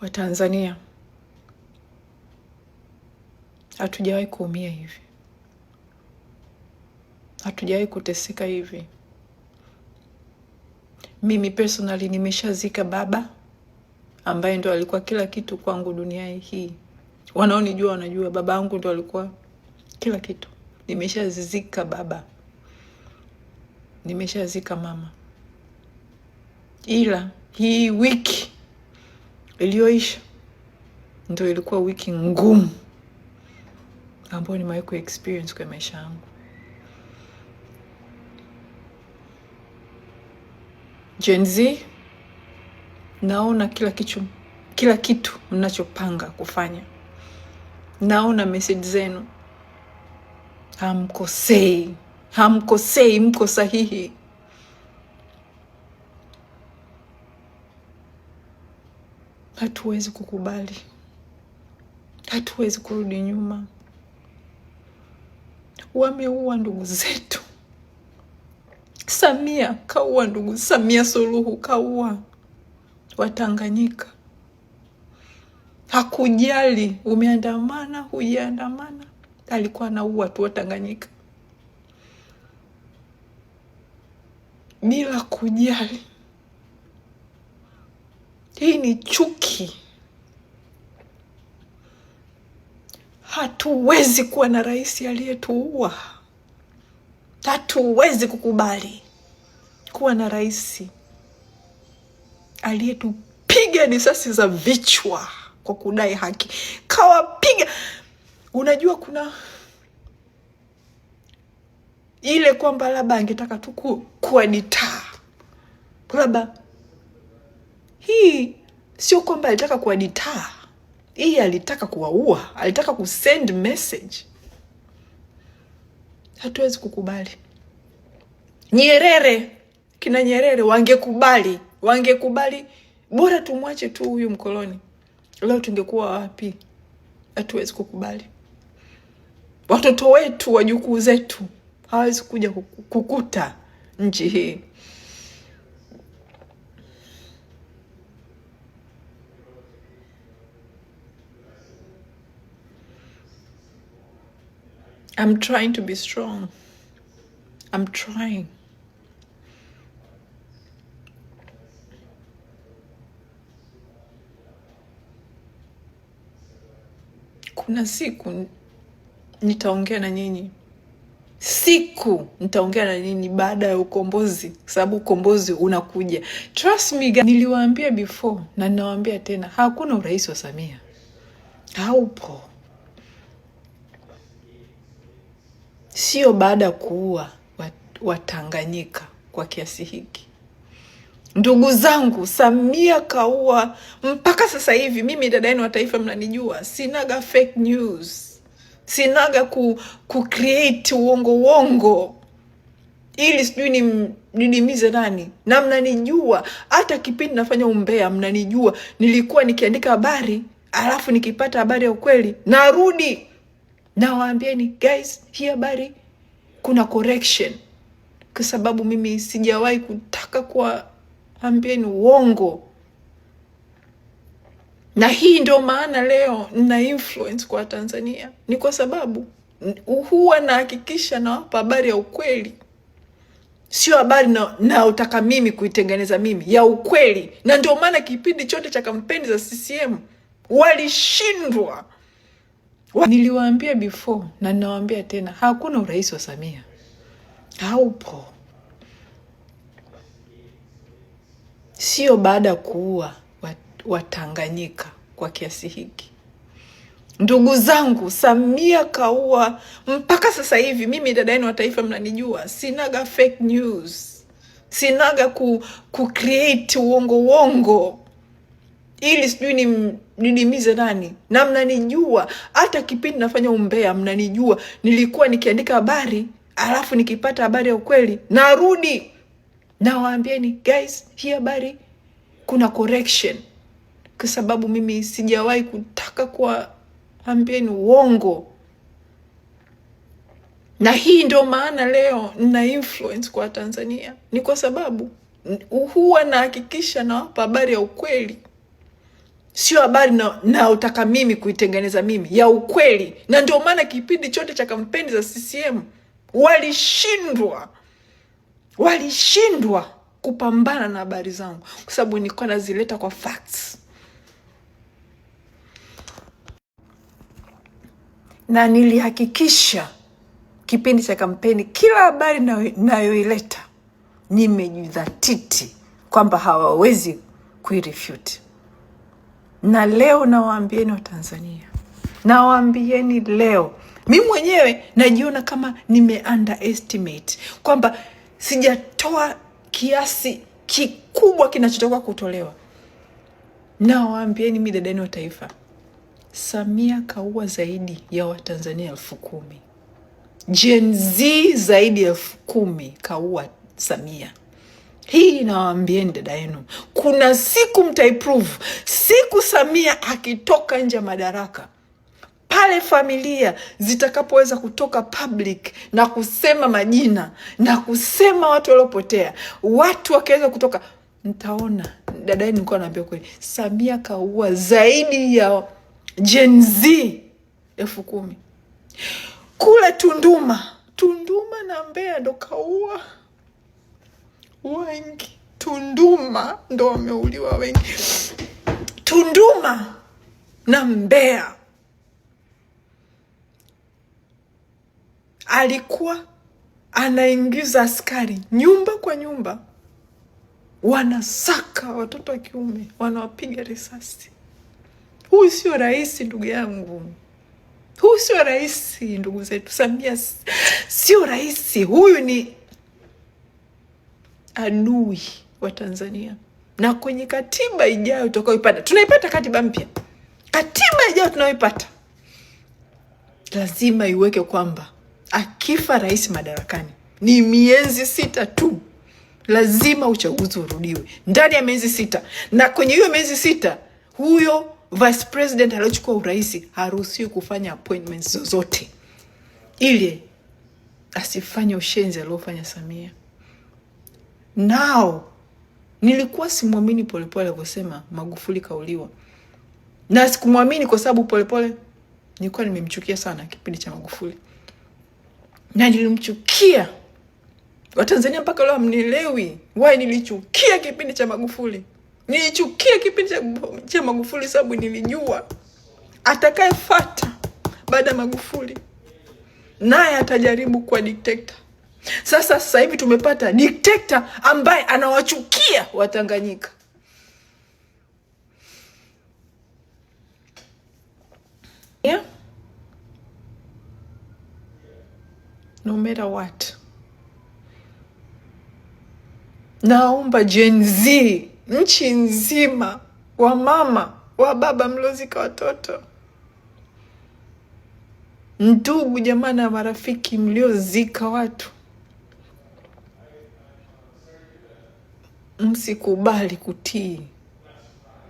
Watanzania hatujawahi kuumia hivi, hatujawahi kuteseka hivi. Mimi personally nimeshazika baba ambaye ndo alikuwa kila kitu kwangu dunia hii. Wanaonijua wanajua baba yangu ndo alikuwa kila kitu. Nimeshazika baba, nimeshazika mama, ila hii wiki iliyoisha ndo ilikuwa wiki ngumu ambayo nimewahi ku experience kwa maisha yangu. Gen Z, naona kila kitu kila kitu mnachopanga kufanya, naona message zenu, hamkosei, hamkosei, mko sahihi. hatuwezi kukubali, hatuwezi kurudi nyuma. Wameua ndugu zetu, Samia kaua ndugu, Samia Suluhu kaua Watanganyika. Hakujali umeandamana hujaandamana, alikuwa anaua tu Watanganyika bila kujali. Hii ni chuki. Hatuwezi kuwa na rais aliyetuua. Hatuwezi kukubali kuwa na rais aliyetupiga risasi za vichwa kwa kudai haki, kawapiga. Unajua, kuna ile kwamba labda angetaka tu kuwa ditaa labda hii sio kwamba alitaka kuwaditaa, hii alitaka kuwaua, alitaka kusend message. Hatuwezi kukubali. Nyerere, kina Nyerere wangekubali, wangekubali, bora tumwache tu huyu mkoloni, leo tungekuwa wapi? Hatuwezi kukubali. Watoto wetu, wajukuu zetu hawawezi kuja kukuta nchi hii. I'm trying to be strong. I'm trying. Kuna siku nitaongea na nyinyi, siku nitaongea na nyinyi baada ya ukombozi, kwa sababu ukombozi unakuja. Trust me, niliwaambia before na ninawaambia tena, hakuna urais wa Samia, haupo. sio baada ya kuua Watanganyika kwa kiasi hiki. Ndugu zangu, Samia kaua. Mpaka sasa hivi mimi dada yenu wa taifa, mnanijua, sinaga fake news, sinaga ku, ku create uongo uongo ili sijui ni nidimize nani, na mnanijua. Hata kipindi nafanya umbea, mnanijua, nilikuwa nikiandika habari alafu nikipata habari ya ukweli narudi na waambieni guys, hii habari kuna correction, kwa sababu mimi sijawahi kutaka kuwaambieni uongo, na hii ndio maana leo nina influence kwa Tanzania, ni kwa sababu huwa nahakikisha nawapa habari ya ukweli, sio habari na, na utaka mimi kuitengeneza mimi ya ukweli. Na ndio maana kipindi chote cha kampeni za CCM walishindwa Niliwaambia before na ninawaambia tena, hakuna urais wa Samia, haupo. Sio baada ya kuua Watanganyika kwa kiasi hiki. Ndugu zangu, Samia kaua. Mpaka sasa hivi mimi dada yenu wa taifa, mnanijua, sinaga fake news, sinaga ku, ku create uongo uongo ili sijui ni ninimize nani, na mnanijua. Hata kipindi nafanya umbea, mnanijua. Nilikuwa nikiandika habari, alafu nikipata habari ya ukweli narudi nawaambieni, guys, hii habari kuna correction, kwa sababu mimi sijawahi kutaka kuwaambieni uongo na hii ndio maana leo nina influence kwa Tanzania, ni kwa sababu huwa nahakikisha nawapa habari ya ukweli sio habari na, na mimi kuitengeneza mimi ya ukweli, na ndio maana kipindi chote cha kampeni za CCM walishindwa walishindwa kupambana na habari zangu kwa sababu nilikuwa nazileta kwa facts na nilihakikisha kipindi cha kampeni kila habari nayoileta nimejidhatiti kwamba hawawezi kuirefute. Na leo nawaambieni Watanzania, nawaambieni leo, mi mwenyewe najiona kama nime underestimate kwamba sijatoa kiasi kikubwa kinachotakiwa kutolewa. Nawaambieni mi dadani wa taifa, Samia kaua zaidi ya Watanzania elfu kumi. Gen Z zaidi ya elfu kumi kaua Samia. Hii nawaambieni dada yenu, kuna siku mtaiprove. Siku Samia akitoka nje ya madaraka pale familia zitakapoweza kutoka public na kusema majina na kusema watu waliopotea, watu wakiweza kutoka, mtaona dada yenu. Nilikuwa naambia kweli, Samia kaua zaidi ya Gen Z elfu kumi kule Tunduma. Tunduma na Mbeya ndo kaua wengi. Tunduma ndo wameuliwa wengi, Tunduma na Mbeya. Alikuwa anaingiza askari nyumba kwa nyumba, wanasaka watoto wa kiume, wanawapiga risasi. Huyu sio rais, ndugu yangu, huyu sio rais, ndugu zetu. Samia sio rais, huyu ni adui wa Tanzania, na kwenye katiba ijayo tutakayoipata, tunaipata katiba mpya, katiba ijayo tunaoipata, lazima iweke kwamba akifa rais madarakani ni miezi sita tu, lazima uchaguzi urudiwe ndani ya miezi sita, na kwenye hiyo miezi sita huyo vice president aliochukua urais haruhusiwi kufanya appointments zozote, ili asifanye ushenzi aliofanya Samia nao. Nilikuwa simwamini Polepole kusema Magufuli kauliwa, na sikumwamini kwa sababu Polepole nilikuwa nimemchukia sana kipindi cha Magufuli na nilimchukia. Watanzania mpaka leo hamnielewi wai nilichukia kipindi cha Magufuli. Nilichukia kipindi cha, Magufuli sababu nilijua atakayefata baada ya Magufuli naye atajaribu kuwa dikteta. Sasa sasa hivi tumepata dikteta ambaye anawachukia Watanganyika. Yeah. No matter what. Naomba Gen Z nchi nzima, wa mama wa baba mliozika watoto, ndugu, jamani na marafiki mliozika watu msikubali kutii,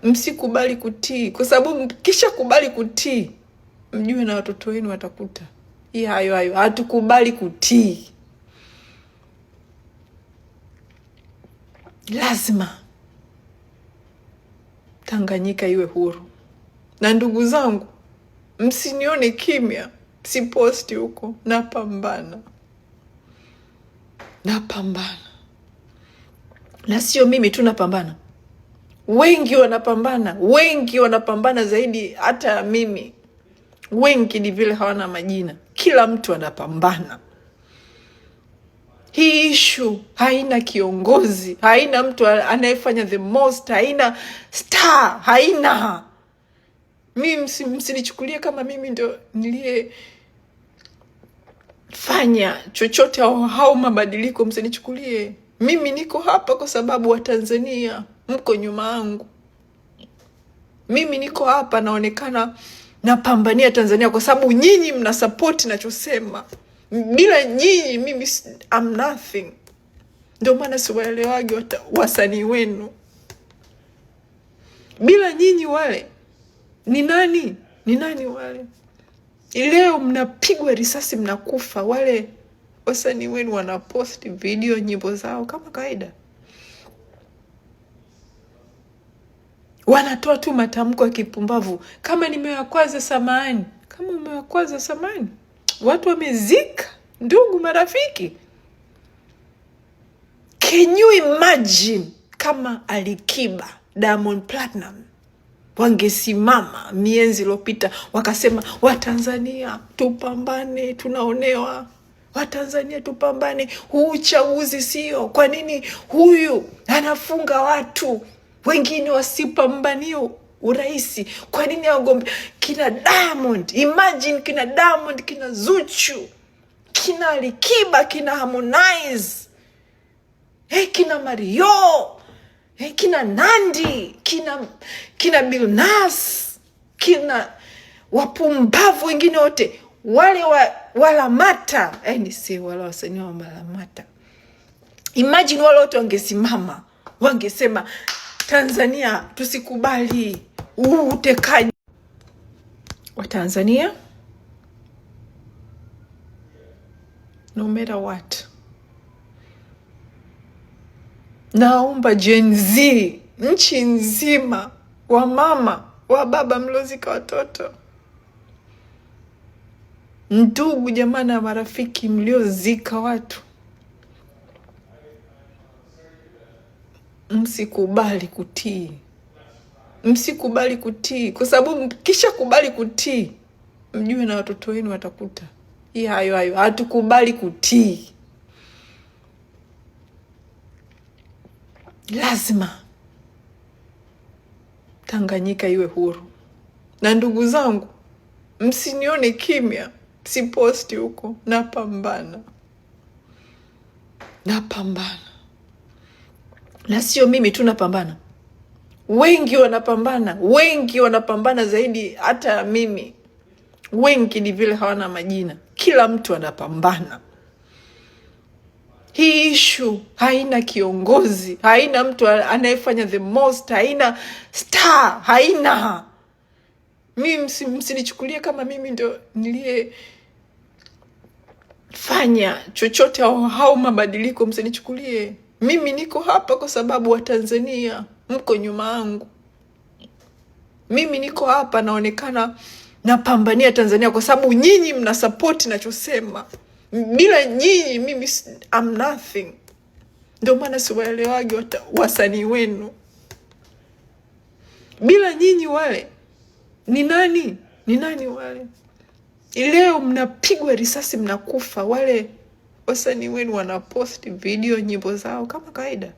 msikubali kutii, kwa sababu mkisha kubali kutii, mjue na watoto wenu watakuta hii hayo hayo. Hatukubali kutii, lazima Tanganyika iwe huru. Na ndugu zangu, msinione kimya, siposti huko, napambana, napambana na sio mimi tu napambana, wengi wanapambana, wengi wanapambana zaidi hata mimi. Wengi ni vile hawana majina, kila mtu anapambana. Hii ishu haina kiongozi, haina mtu anayefanya the most, haina star, haina mi. Msinichukulie kama mimi ndo niliye fanya chochote au hao mabadiliko, msinichukulie. Mimi niko hapa kwa sababu Watanzania mko nyuma yangu. Mimi niko hapa naonekana napambania Tanzania kwa sababu nyinyi mna support nachosema. Bila nyinyi mimi am nothing. Ndio maana siwaelewagi wasanii wenu. Bila nyinyi wale ni nani? Ni nani wale? Leo mnapigwa risasi mnakufa wale wasanii wenu wanapost video nyimbo zao kama kawaida, wanatoa tu matamko ya kipumbavu kama nimewakwaza samani, kama umewakwaza samani. Watu wamezika ndugu, marafiki. Can you imagine kama Alikiba Diamond Platinum wangesimama mienzi iliyopita wakasema, Watanzania tupambane, tunaonewa Watanzania tupambane, huu uchaguzi sio. Kwa nini huyu anafunga watu wengine wasipambanio urais? Kwa nini agombe kina Diamond? Imagine kina Diamond, kina Zuchu, kina Alikiba, kina Harmonize, hey, eh, kina Mario hey, eh, kina Nandi, kina kina Bilnas, kina wapumbavu wengine wote wale wa walamata yani, eh, si wala wasanii wa malamata. Imagine wale wote wangesimama, wangesema Tanzania tusikubali huu utekaji wa Tanzania, no matter what. Naomba Gen Z nchi nzima, wa mama wa baba mlozika watoto ndugu jamaa na marafiki mliozika watu, msikubali kutii, msikubali kutii, kwa sababu mkisha kubali kutii, mjue na watoto wenu watakuta hii hayo hayo. Hatukubali kutii, lazima Tanganyika iwe huru. Na ndugu zangu, msinione kimya siposti huko, napambana, napambana na sio mimi tu napambana, wengi wanapambana, wengi wanapambana zaidi hata mimi. Wengi ni vile hawana majina, kila mtu anapambana. Hii ishu haina kiongozi, haina mtu anayefanya the most, haina star, haina mi. Msinichukulie kama mimi ndo niliye kufanya chochote au hao mabadiliko, msinichukulie mimi niko hapa kwa sababu Watanzania mko nyuma yangu. Mimi niko hapa naonekana napambania Tanzania kwa sababu nyinyi mna support nachosema. Bila nyinyi mimi am nothing. Ndio maana siwaelewagi wasanii wenu. Bila nyinyi wale ni nani? Ni nani wale? Leo mnapigwa risasi mnakufa, wale wasanii wenu wanapost video nyimbo zao kama kawaida,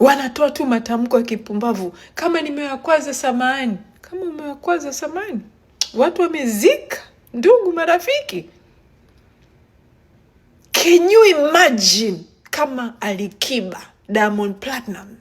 wanatoa tu matamko ya kipumbavu kama nimewakwaza samani, kama umewakwaza samani. Watu wamezika ndugu, marafiki. Can you imagine kama Alikiba, Diamond Platinum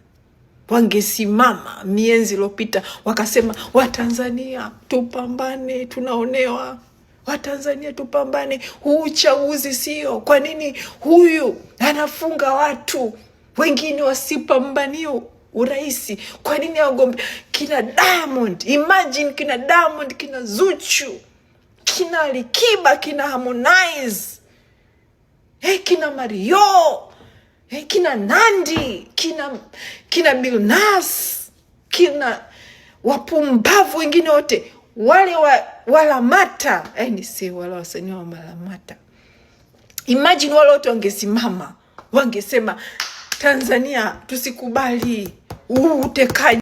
wangesimama mienzi iliyopita wakasema, Watanzania tupambane, tunaonewa. Watanzania tupambane, huu uchaguzi sio. Kwa nini huyu anafunga watu wengine wasipambanio urahisi Kwa nini awagombe kina Diamond? Imagine kina Diamond, kina Zuchu, kina Alikiba, kina Harmonize, hey, eh, kina Mario eh, kina Nandi kina kina Milnas, kina wapumbavu wengine wote wale wa walamata eh, ni si wala wasanii wa malamata. Imagine wale wote wangesimama wangesema, Tanzania tusikubali huu utekaji.